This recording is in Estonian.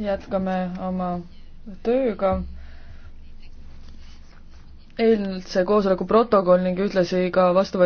jätkame oma tööga. eilse koosoleku protokoll ning ühtlasi ka vastu võetud